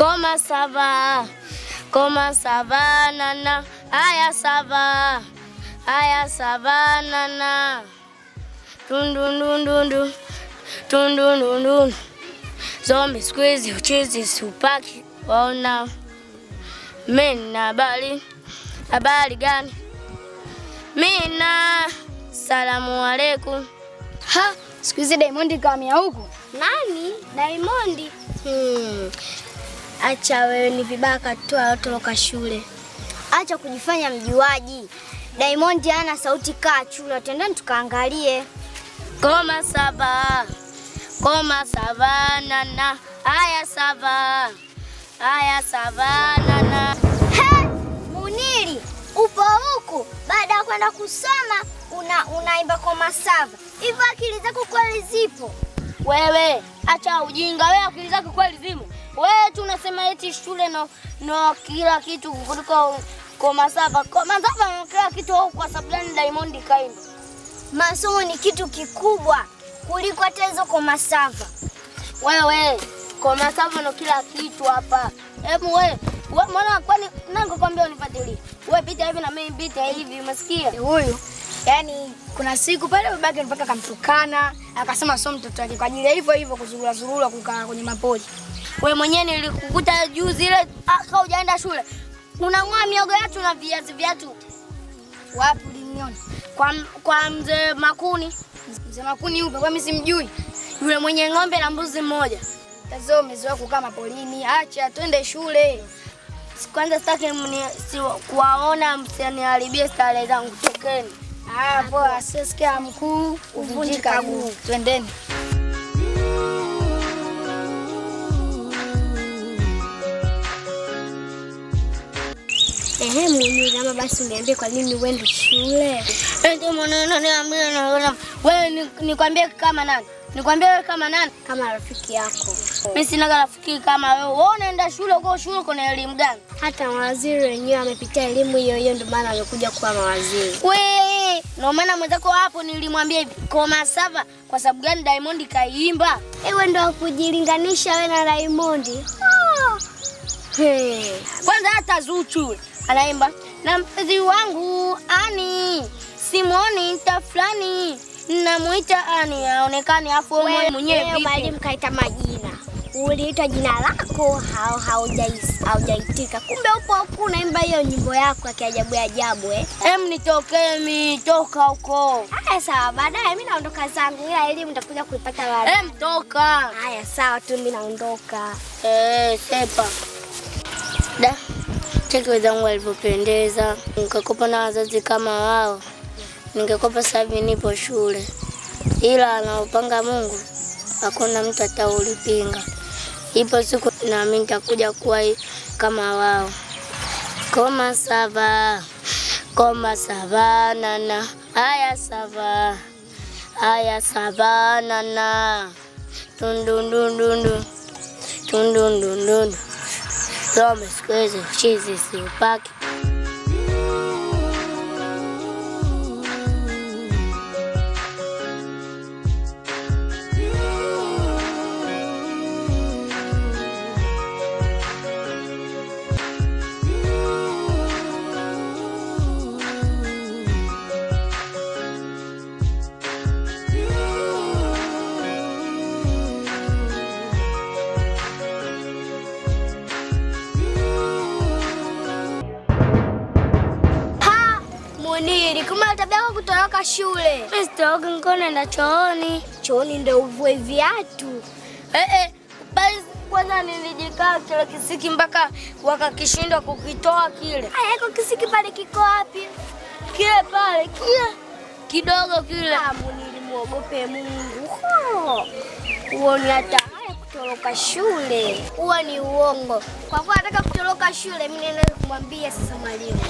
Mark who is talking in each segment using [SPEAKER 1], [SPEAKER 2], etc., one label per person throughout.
[SPEAKER 1] Comment ça va? Comment ça va, nana? Aya, ça va. Aya, ça va, nana. Tundundundundu. Tundundundundu. Zombie squeeze, uchizi, supaki. Waona. Mina bali, Habari gani? Mina. Salamu aleikum.
[SPEAKER 2] Ha, squeeze hizi Diamond kaamia huku.
[SPEAKER 3] Nani? Diamond.
[SPEAKER 2] Hmm. Acha wewe, ni vibaka tu alotoroka shule.
[SPEAKER 3] Acha kujifanya mjuaji. Diamond ana sauti kaa chula, twendeni tukaangalie.
[SPEAKER 1] Koma saba, koma saba nana, aya saba, aya saba nana.
[SPEAKER 3] He, Muniri upo huku baada ya kwenda kusoma unaimba koma saba hivyo, akili zako kweli zipo?
[SPEAKER 2] Wewe acha ujinga, wewe akili zako kweli zipo? Wewe tu unasema eti shule no, no kila kitu kuliko kwa masafa. Kwa masafa no kila kitu au kwa sababu gani Diamond kaini?
[SPEAKER 3] Masomo ni kitu kikubwa kuliko hata hizo kwa masafa.
[SPEAKER 2] Wewe kwa Komasava no kila kitu hapa. Hebu wewe mwana kwani nangu kwambia unifadhili. Wewe pita hivi na mimi pita hivi umesikia?
[SPEAKER 4] Eh, huyu. Yaani kuna siku pale babake mpaka akamtukana, akasema sio mtoto wake kwa ajili ya hivyo hivyo kuzurura zurura kukaa kwenye mapoli.
[SPEAKER 2] Wewe mwenyewe nilikukuta juzi ile aka ah, hujaenda shule. Unang'oa miogo yetu na viazi vyetu.
[SPEAKER 4] Wapi uliniona?
[SPEAKER 2] Kwa kwa mzee Makuni.
[SPEAKER 4] Mzee Makuni yupo Kwa mimi simjui. Yule mwenye ng'ombe na mbuzi mmoja.
[SPEAKER 2] Sasa umezoea kukaa mapolini. Acha twende shule. Kwanza sitaki si, kuwaona msiniharibie starehe zangu. Tokeni. Ah, poa. Sisikia mkuu, uvunjika mguu.
[SPEAKER 4] Twendeni.
[SPEAKER 3] nini? Ama basi uniambie kwa nini uende shule?
[SPEAKER 2] Eh, wewe nikwambie kama nani? Nikwambie wewe kama nani?
[SPEAKER 3] Kama rafiki yako.
[SPEAKER 2] Mimi sina rafiki kama wewe. Wewe unaenda shule, kwa shule kuna elimu gani?
[SPEAKER 3] Hata mawaziri wenyewe amepitia elimu hiyo hiyo, ndio maana amekuja kuwa mawaziri.
[SPEAKER 2] Wewe, ndio maana mwenzako hapo nilimwambia hivi, koma sava kwa sababu gani Diamond kaimba?
[SPEAKER 3] Ewe ndio kujilinganisha wewe na Diamond.
[SPEAKER 2] Ah! Kwanza hata Zuchu anaimba na mpenzi wangu ani simwoni nta fulani namuita ani aonekane, afu mwenyewe
[SPEAKER 3] vipi? kaita majina, uliitwa jina lako haujaitika, kumbe upo huku naimba hiyo nyimbo yako ya kiajabu ajabu eh?
[SPEAKER 2] Em, nitokee mi toka huko.
[SPEAKER 3] Haya, sawa, baadaye mi naondoka zangu, ila elimu nitakuja kuipata
[SPEAKER 2] baadaye. toka.
[SPEAKER 3] Haya, sawa tu, mi naondoka.
[SPEAKER 2] Eh, sepa da cheki wenzangu walivyopendeza, nikakopa na wazazi kama wao, ningekopa sasa nipo shule, ila anaopanga Mungu hakuna mtu ataulipinga. Ipo siku nami nitakuja kuwa kama wao. Koma sava, koma sava nana, aya sava, aya sava nana, tundundundundu, tundundundundu Rome is crazy. Jesus, you bag.
[SPEAKER 3] mbili. tabia yako kutoroka shule.
[SPEAKER 2] Mimi Sitoroki, niko naenda chooni.
[SPEAKER 3] Chooni ndio uvue viatu.
[SPEAKER 2] Eh, eh, basi kwanza nilijikaa kile kisiki mpaka wakakishindwa kukitoa kile.
[SPEAKER 3] Ah, yako kisiki pale kiko wapi?
[SPEAKER 2] Kile pale, kile kidogo kile.
[SPEAKER 3] Amu nilimuogope Mungu. Huoni hata kutoroka shule.
[SPEAKER 2] Huo ni uongo. Kwa kuwa nataka kutoroka shule, mimi naenda kumwambia sasa mwalimu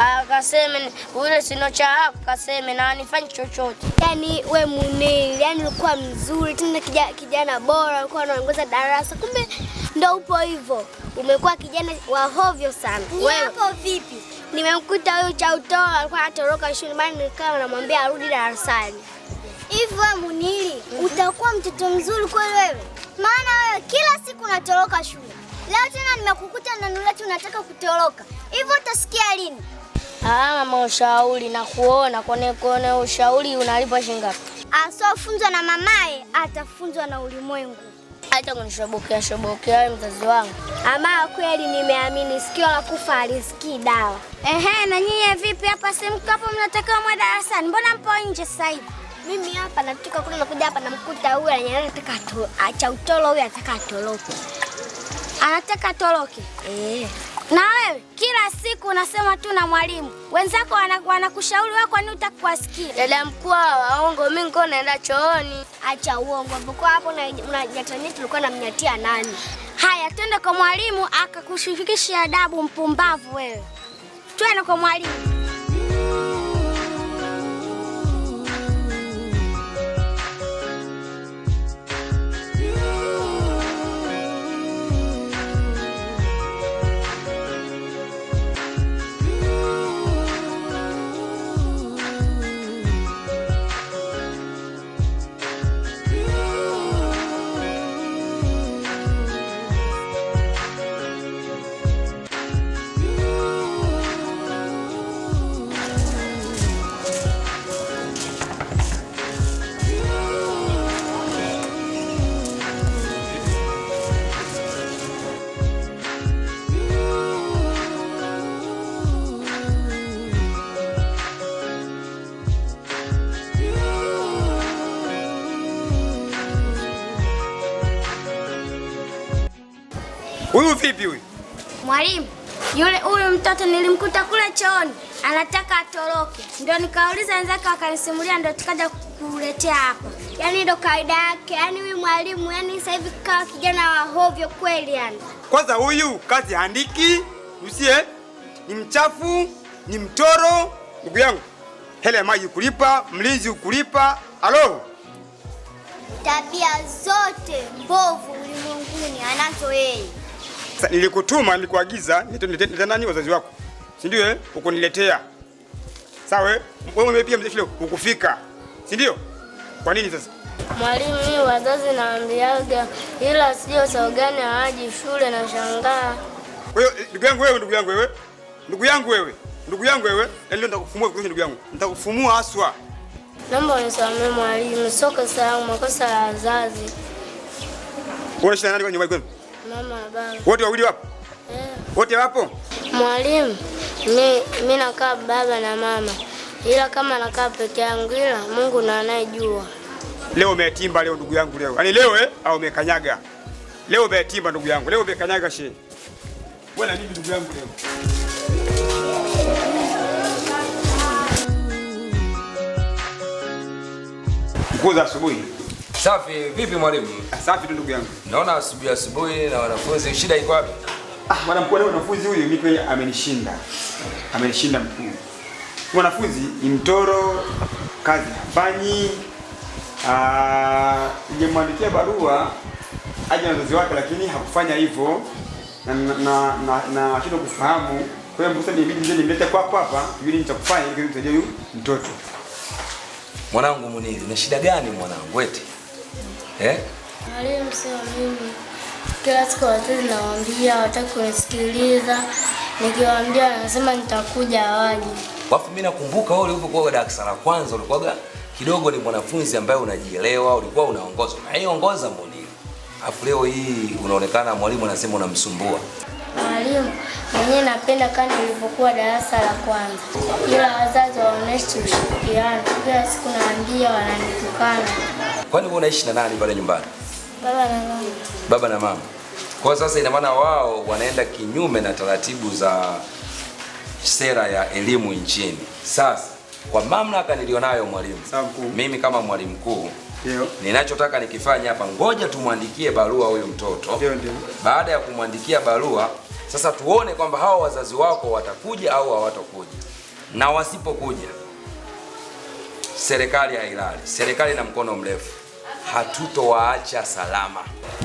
[SPEAKER 2] akaseme ule sino cha akaseme na anifanye chochote.
[SPEAKER 3] Yani we Munir, yani ulikuwa mzuri tena, kijana bora, ulikuwa unaongoza darasa, kumbe ndo upo hivyo, umekuwa kijana wa hovyo sana.
[SPEAKER 2] Wewe vipi?
[SPEAKER 3] Nimemkuta huyu cha utoa alikuwa anatoroka shule, bali nikawa namwambia arudi darasani. Hivyo wewe Muniri, utakuwa mtoto mzuri kweli wewe, maana wewe kila siku unatoroka shule. Leo tena nimekukuta nanulati unataka kutoroka, hivyo utasikia lini?
[SPEAKER 2] alama ushauri na kuona kone kone ushauri unalipa unalipwa shingapi?
[SPEAKER 3] Asofunzwa na mamaye atafunzwa na ulimwengu.
[SPEAKER 2] Hata kunishobokea shobokea mzazi wangu.
[SPEAKER 3] Ama kweli nimeamini, sikio la kufa alisikii dawa. Ehe, na nyinyi vipi hapa simko hapo, mnatakiwa mwa darasani, mbona mpo nje sasa hivi? Mimi hapa natoka kule nakuja hapa namkuta huyu anataka acha utoro, huyu anataka atoroke, anataka atoroke eh. Na wewe kila siku unasema tu na mwalimu wenzako wanakushauri wana wewe, kwani utakuwasikia?
[SPEAKER 2] Dada mkuu, waongo, mimi niko naenda chooni.
[SPEAKER 3] Acha uongo, mpokuwa hapo unajatania, tulikuwa namnyatia nani? Haya, twende kwa mwalimu akakushifikishia adabu, mpumbavu wewe. Twende kwa mwalimu. Huyu vipi huyu? Mwalimu, yule huyu mtoto nilimkuta kule chooni anataka atoroke, ndio nikauliza wenzake wakanisimulia, ndio tukaja kuletea hapa. Yaani ndo kawaida yake, yaani huyu mwalimu, yaani sasa hivi kawa kijana wa hovyo kweli yani.
[SPEAKER 5] Kwanza huyu kazi handiki usie, ni mchafu, ni mtoro. Ndugu yangu, hela ya maji kulipa, mlinzi ukulipa, alo
[SPEAKER 3] tabia zote mbovu ulimwenguni anazo yeye.
[SPEAKER 5] Sasa nilikutuma nilikuagiza nilete nani wazazi wako. Si ndio eh? Ukuniletea. Sawa eh? wewe pia mzee shule ukufika. Si ndio? Kwa nini sasa?
[SPEAKER 2] Mwalimu, mimi wazazi naambiaga ila sio sababu gani hawaji shule na shangaa.
[SPEAKER 5] Kwa hiyo eh, ndugu yangu wewe, ndugu yangu wewe. Ndugu yangu wewe. Ndugu yangu wewe, yaani leo nitakufumua kwa ndugu yangu. Nitakufumua haswa.
[SPEAKER 2] Naomba unisamehe mwalimu, sio kosa yangu, makosa ya wazazi.
[SPEAKER 5] Wewe nani kwa nyumba yako?
[SPEAKER 2] Mama na baba.
[SPEAKER 5] Wote wawili wapo? Yeah. Wote wapo?
[SPEAKER 2] Mwalimu, mimi nakaa baba na mama, ila kama nakaa peke yangu, ila Mungu na anayejua.
[SPEAKER 5] Leo umetimba leo ndugu yangu leo, yaani leo eh, au umekanyaga leo? Umetimba ndugu yangu leo, umekanyaga shee Wewe na mimi ndugu yangu leo nguo asubuhi
[SPEAKER 6] Safi, vipi mwalimu?
[SPEAKER 5] Safi tu ndugu yangu.
[SPEAKER 6] Naona asubuhi asubuhi na wanafunzi, shida iko wapi?
[SPEAKER 5] Ah, bwana mkuu, leo wanafunzi huyu mimi kweli amenishinda. Amenishinda mkuu. Wanafunzi ni mtoro, kazi hafanyi. Ah, nimemwandikia barua aje na wazazi wake lakini hakufanya hivyo na na na, na na shida kufahamu. Kwa hiyo mbusa nibidi nje nimlete kwa hapa, ili nitakufanya ili nimsaidie huyu mtoto.
[SPEAKER 6] Mwanangu Muniri, una shida gani mwanangu? Eti eh?
[SPEAKER 2] Mwalimu sio mimi. Kila siku watoto nawaambia hawataki kunisikiliza, nikiwaambia wanasema nitakuja hawaji.
[SPEAKER 6] Alafu mimi nakumbuka wewe ulipokuwa darasa la kwanza ulikuwa kidogo ni mwanafunzi ambaye unajielewa, ulikuwa unaongoza, unaiongoza Munir. Alafu leo hii unaonekana mwalimu anasema unamsumbua.
[SPEAKER 2] Mwalimu mwenyewe napenda kama nilivyokuwa darasa la kwanza, ila wazazi waoneshe ushirikiano. Kila siku naambia wananitukana.
[SPEAKER 6] Kwani wewe unaishi na nani pale nyumbani? Baba na mama. Baba na mama. Kwa sasa ina maana wao wanaenda kinyume na taratibu za sera ya elimu nchini. Sasa kwa mamlaka nilionayo mwalimu, mimi kama mwalimu mkuu ninachotaka nikifanya hapa, ngoja tumwandikie barua huyu mtoto. Ndio, ndio. Baada ya kumwandikia barua, sasa tuone kwamba hawa wazazi wako watakuja au hawatakuja, na wasipokuja, serikali hailali, serikali na mkono mrefu hatutowaacha salama.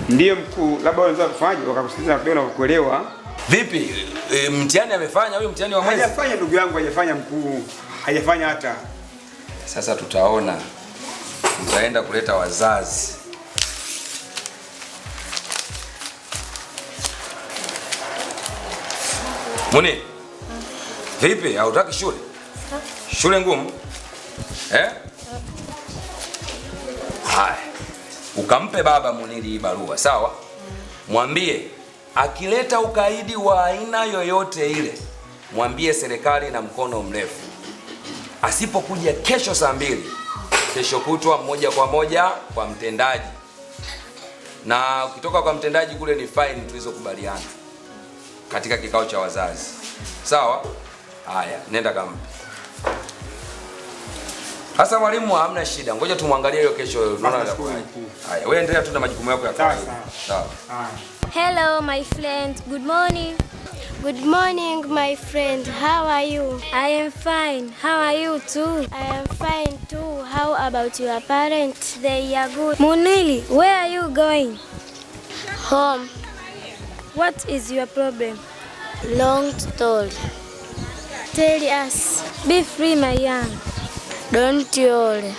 [SPEAKER 5] Ndiyo mkuu, labda wanaweza kufanyaje wakakusikiliza na kukuelewa.
[SPEAKER 6] Vipi e, mtihani amefanya huyo? mtihani wa mwezi?
[SPEAKER 5] Hajafanya ndugu yangu, hajafanya mkuu, hajafanya hata
[SPEAKER 6] sasa. Tutaona, mtaenda kuleta wazazi Muni, vipi hautaki shule? Shule ngumu eh? Haya, ukampe baba Muniri hii barua, sawa? Mwambie akileta ukaidi wa aina yoyote ile, mwambie serikali na mkono mrefu, asipokuja kesho saa mbili, kesho kutwa moja kwa moja kwa mtendaji, na ukitoka kwa mtendaji kule ni faini tulizokubaliana katika kikao cha wazazi, sawa? Haya, nenda kampe. Hasa mwalimu hamna shida. Ngoja tumwangalie hiyo kesho. Haya, wewe endelea tu na majukumu yako ya kazi.
[SPEAKER 5] Sawa.
[SPEAKER 7] Hello my friend. Good morning. Good morning my friend. How are you?
[SPEAKER 8] I am fine. How are you too?
[SPEAKER 7] I am fine too. How about your parents? They are good. Munili, where are you going? Home. What is your problem?
[SPEAKER 8] Long story.
[SPEAKER 7] Tell us.
[SPEAKER 8] Be free my young. Dontiole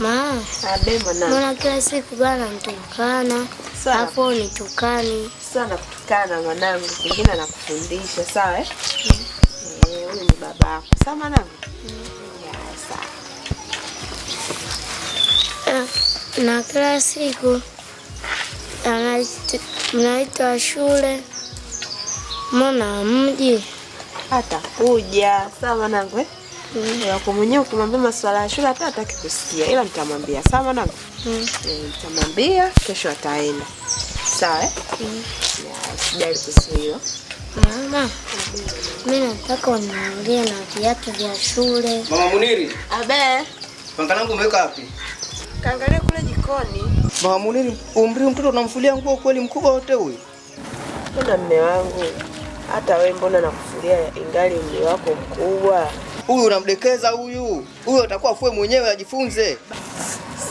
[SPEAKER 9] maana
[SPEAKER 2] kila siku bana mtukana hapo nitukani
[SPEAKER 9] sana kutukana mwanangu, pengine anakufundisha sawa eh? Mm. Eh, huyu ni baba yako sawa mwanangu? Mm. Yeah, sawa.
[SPEAKER 2] Eh, na kila siku mnaitwa shule, mbona mji
[SPEAKER 9] atakuja. Sawa mwanangu eh? Mm. Wako mwenyewe ukimwambia masuala ya shule hata hataki kusikia, ila nitamwambia. Sawa mwanangu? Mm. E, nitamwambia kesho ataenda. Sawa eh? Mm. Sijali kuhusu hiyo.
[SPEAKER 2] Mama, mimi nataka uniangalie na viatu vya shule.
[SPEAKER 10] Mama Muniri. Abe. Panga langu umeweka wapi?
[SPEAKER 9] Kaangalia kule jikoni.
[SPEAKER 10] Mama Muniri, umri mtoto unamfulia nguo kweli mkubwa wote huyu?
[SPEAKER 9] Kuna mme wangu. Hata wewe mbona na kulia ingali umri wako mkubwa.
[SPEAKER 10] Huyu unamdekeza huyu, huyu atakuwa fue mwenyewe ajifunze.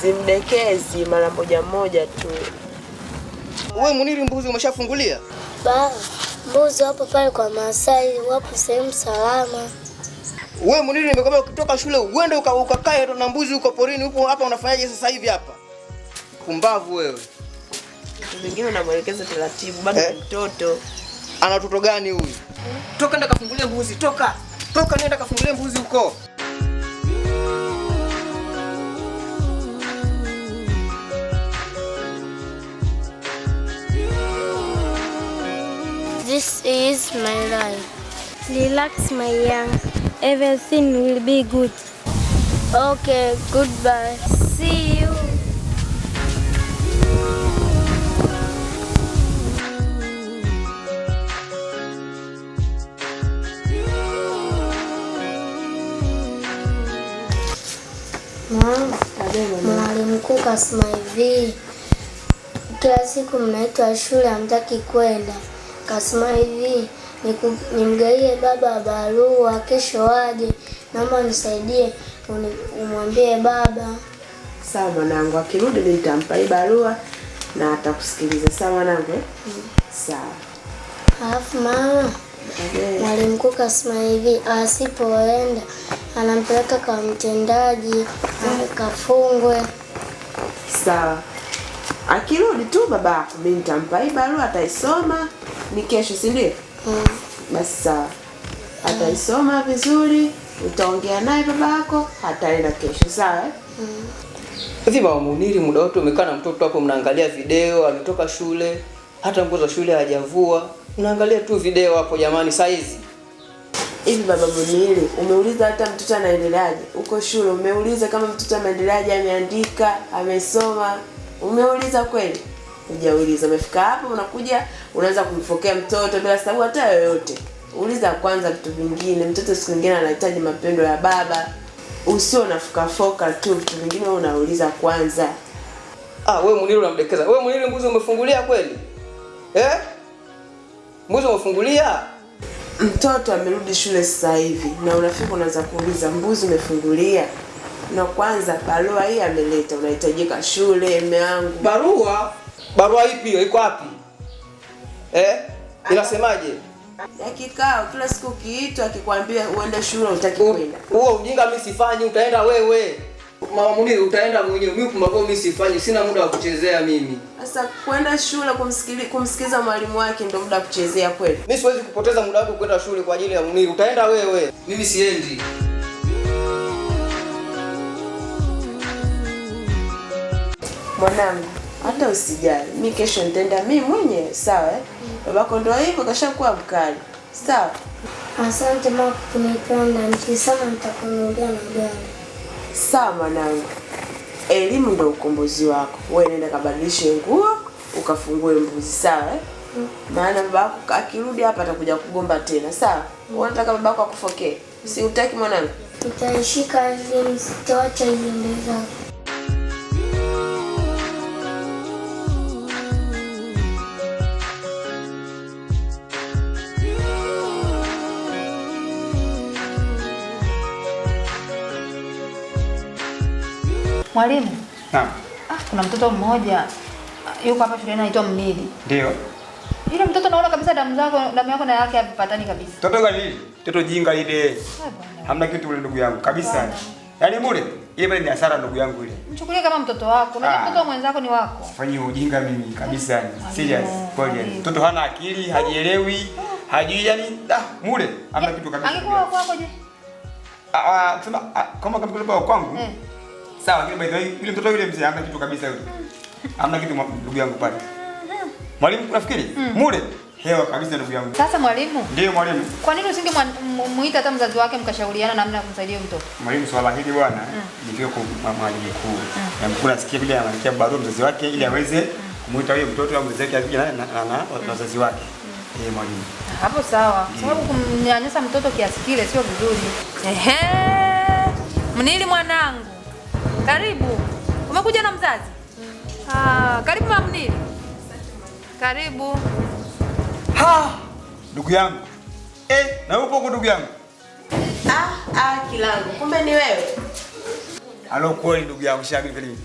[SPEAKER 9] Simdekezi mara moja moja tu.
[SPEAKER 10] Wewe Muniri, mbuzi umeshafungulia?
[SPEAKER 2] Ba, mbuzi wapo pale kwa Masai, wapo sehemu salama.
[SPEAKER 10] Wewe Muniri, nimekwambia ukitoka shule uende ukakae na mbuzi huko porini huko. Hapa unafanyaje sasa hivi hapa? Kumbavu wewe.
[SPEAKER 9] mwingine unamwelekeza taratibu, bado eh? mtoto eh.
[SPEAKER 10] Ana mtoto gani huyu? Toka nenda kafungulie mbuzi, toka. Toka nenda kafungulie mbuzi huko.
[SPEAKER 8] This is my life.
[SPEAKER 7] Relax my young. Everything will be good.
[SPEAKER 8] Okay, goodbye.
[SPEAKER 2] Asma, hivi kila siku mnaitwa shule hamtaki kwenda. Kasema hivi nimgaie baba barua kesho waje, naomba nisaidie umwambie baba.
[SPEAKER 9] Sawa mwanangu, akirudi nitampa hii barua na atakusikiliza. Sawa mwanangu, hmm. Sawa.
[SPEAKER 2] Alafu mama, mwalimu mkuu kasema hivi asipoenda anampeleka kwa mtendaji ah. akafungwe.
[SPEAKER 9] Sawa. Akirudi tu yako, mimi nitampa hii barua, ataisoma ni kesho, si ndio? Mm. Basi sawa, ataisoma vizuri, utaongea naye baba yako ataenda kesho. Sawa. Mm.
[SPEAKER 10] Hivi mama Muniri, muda wote umekaa na mtoto hapo, mnaangalia video, ametoka shule, hata nguo za shule hajavua, mnaangalia tu video hapo. Jamani, saizi
[SPEAKER 9] hivi baba Munyili, umeuliza hata mtoto anaendeleaje huko shule? Umeuliza kama mtoto anaendeleaje, ameandika, amesoma? Umeuliza kweli? Hujauliza. Umefika hapo, unakuja unaanza kumfokea mtoto bila sababu hata yoyote. Uliza kwanza vitu vingine. Mtoto siku nyingine anahitaji mapendo ya baba, usio nafokafoka tu. Vitu vingine wewe unauliza kwanza.
[SPEAKER 10] Ah, wewe Munyili unamdekeza wewe. Munyili, mbuzi umefungulia kweli eh? Mbuzi umefungulia
[SPEAKER 9] mtoto amerudi shule sasa hivi, na unafika unaanza kuuliza mbuzi umefungulia? Na kwanza barua hii ameleta, unahitajika shule. Mume wangu,
[SPEAKER 10] barua barua ipi hiyo? Iko wapi eh? Inasemaje?
[SPEAKER 9] ya kikao kila siku kiitwa, akikwambia uende shule, utaki kwenda.
[SPEAKER 10] Huo ujinga mimi sifanyi, utaenda wewe. Mama Munir utaenda mwenyewe. Mimi pumba kwao mimi sifanyi. Sina muda wa kuchezea mimi.
[SPEAKER 9] Sasa kwenda shule kumsikili kumsikiza mwalimu wake ndio muda wa kuchezea kweli.
[SPEAKER 10] Mimi siwezi kupoteza muda wangu kwenda shule kwa ajili ya Munir. Utaenda wewe. Mimi siendi.
[SPEAKER 9] Mwanangu, hata usijali. mi kesho nitaenda mi mwenyewe, sawa eh? Babako ndio hivyo kashakuwa mkali. Sawa.
[SPEAKER 2] Asante mama kunipenda. Nikisema nitakununulia na
[SPEAKER 9] Sawa mwanangu, elimu ndo ukombozi wako. Wewe nenda kabadilishe nguo, ukafungue mbuzi, sawa eh? Mm. Maana babako akirudi hapa atakuja kugomba tena, sawa? Mm. Unataka babako akufokee? Si utaki mwanangu?
[SPEAKER 2] Nitaishika hizi, nitawacha hizi mbele zako.
[SPEAKER 9] Mwalimu. Naam. Ah, kuna mtoto mmoja ah, yuko hapa shuleni anaitwa Mnili. Ndio. Yule mtoto naona kabisa damu zako, damu yako na yake havipatani kabisa.
[SPEAKER 10] Mtoto gani? Mtoto jinga ile. Hamna kitu ile ndugu yangu kabisa. Yaani mule ile bali ni hasara ndugu yangu ile.
[SPEAKER 9] Mchukulie kama mtoto wako. Na ah. mtoto mwenzako ni wako.
[SPEAKER 10] Sifanyi ujinga mimi kabisa Serious. Kweli. Mtoto hana akili, hajielewi, hajui yani ah, mule hamna eh, kitu kabisa.
[SPEAKER 9] Angekuwa wako je?
[SPEAKER 10] Ah, ah, sema kama kama kwangu. Eh. Sawa, lakini by the way, yule mtoto yule mzee hamna kitu kabisa yule. Hamna kitu ndugu yangu pale. Mwalimu unafikiri? Mm. Mule hewa kabisa ndugu yangu.
[SPEAKER 9] Sasa mwalimu? Ndio mwalimu. Kwa nini usinge muita hata mzazi wake mkashauriana namna ya kumsaidia mtoto?
[SPEAKER 10] Mwalimu, swala hili bwana mm. nifike kwa mwalimu mkuu. Mm. Na mkuu nasikia vile anaandikia barua mzazi wake ili mm. aweze kumuita huyo mtoto au mzazi wake akija na wazazi wake. Eh, mwalimu.
[SPEAKER 9] Hapo sawa. Sababu kumnyanyasa mtoto kiasi kile sio vizuri. Ehe. Mnili mwanangu. Karibu. Umekuja na mzazi? Ah, ah karibu mamnili. Karibu.
[SPEAKER 10] Ha! Ndugu yangu. Eh, na wewe kwa ndugu yangu?
[SPEAKER 9] Ah, ah, kilangu. Kumbe ni wewe.
[SPEAKER 10] Alo kweli ndugu yangu shagri.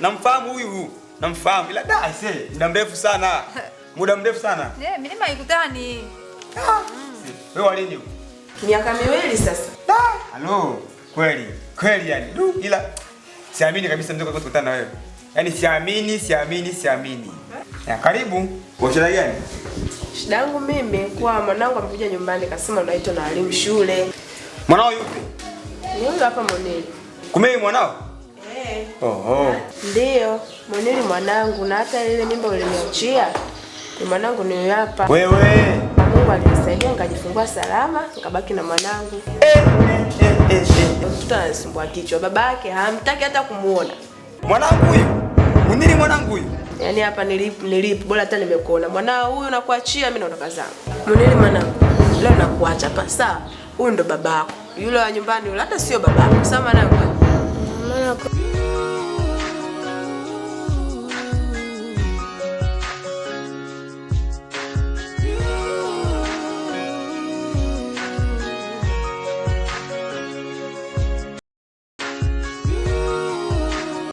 [SPEAKER 10] Namfahamu huyu. huyu. Namfahamu. Ila da aisee, muda mrefu sana. Muda mrefu sana.
[SPEAKER 9] Eh, milima maikutani.
[SPEAKER 10] Ah. Wewe wa nini?
[SPEAKER 9] Miaka miwili sasa.
[SPEAKER 10] Da. Halo. Kweli kweli, yani du, ila siamini kabisa mzee, kwa kukutana na wewe yani siamini, siamini, siamini. Ya, karibu. Kwa shida gani?
[SPEAKER 9] Shida yangu mimi kwa mwanangu amekuja nyumbani kasema unaitwa na walimu shule. Mwanao yupi? Ni yule hapa Moneli.
[SPEAKER 10] Kumbe mwanao? Eh. Oho.
[SPEAKER 9] Ndio, Moneli mwanangu na hata ile mimba uliniachia. Ni mwanangu ni yule hapa.
[SPEAKER 10] Wewe.
[SPEAKER 9] Mungu alinisaidia nikajifungua salama, nikabaki na mwanangu.
[SPEAKER 10] Eh, eh, eh
[SPEAKER 9] mtoto ananisumbua kichwa, baba yake hamtaki hata kumuona.
[SPEAKER 10] Mwanangu huyu muniri, mwanangu huyu
[SPEAKER 9] yaani hapa nilipo nilipo, bora hata nimekuona mwanao huyu, nakuachia mimi, naondoka zangu. Muniri mwanangu, leo nakuacha hapa sawa? Huyu ndo babako yule wa nyumbani, yule hata sio babako sawa mwanangu.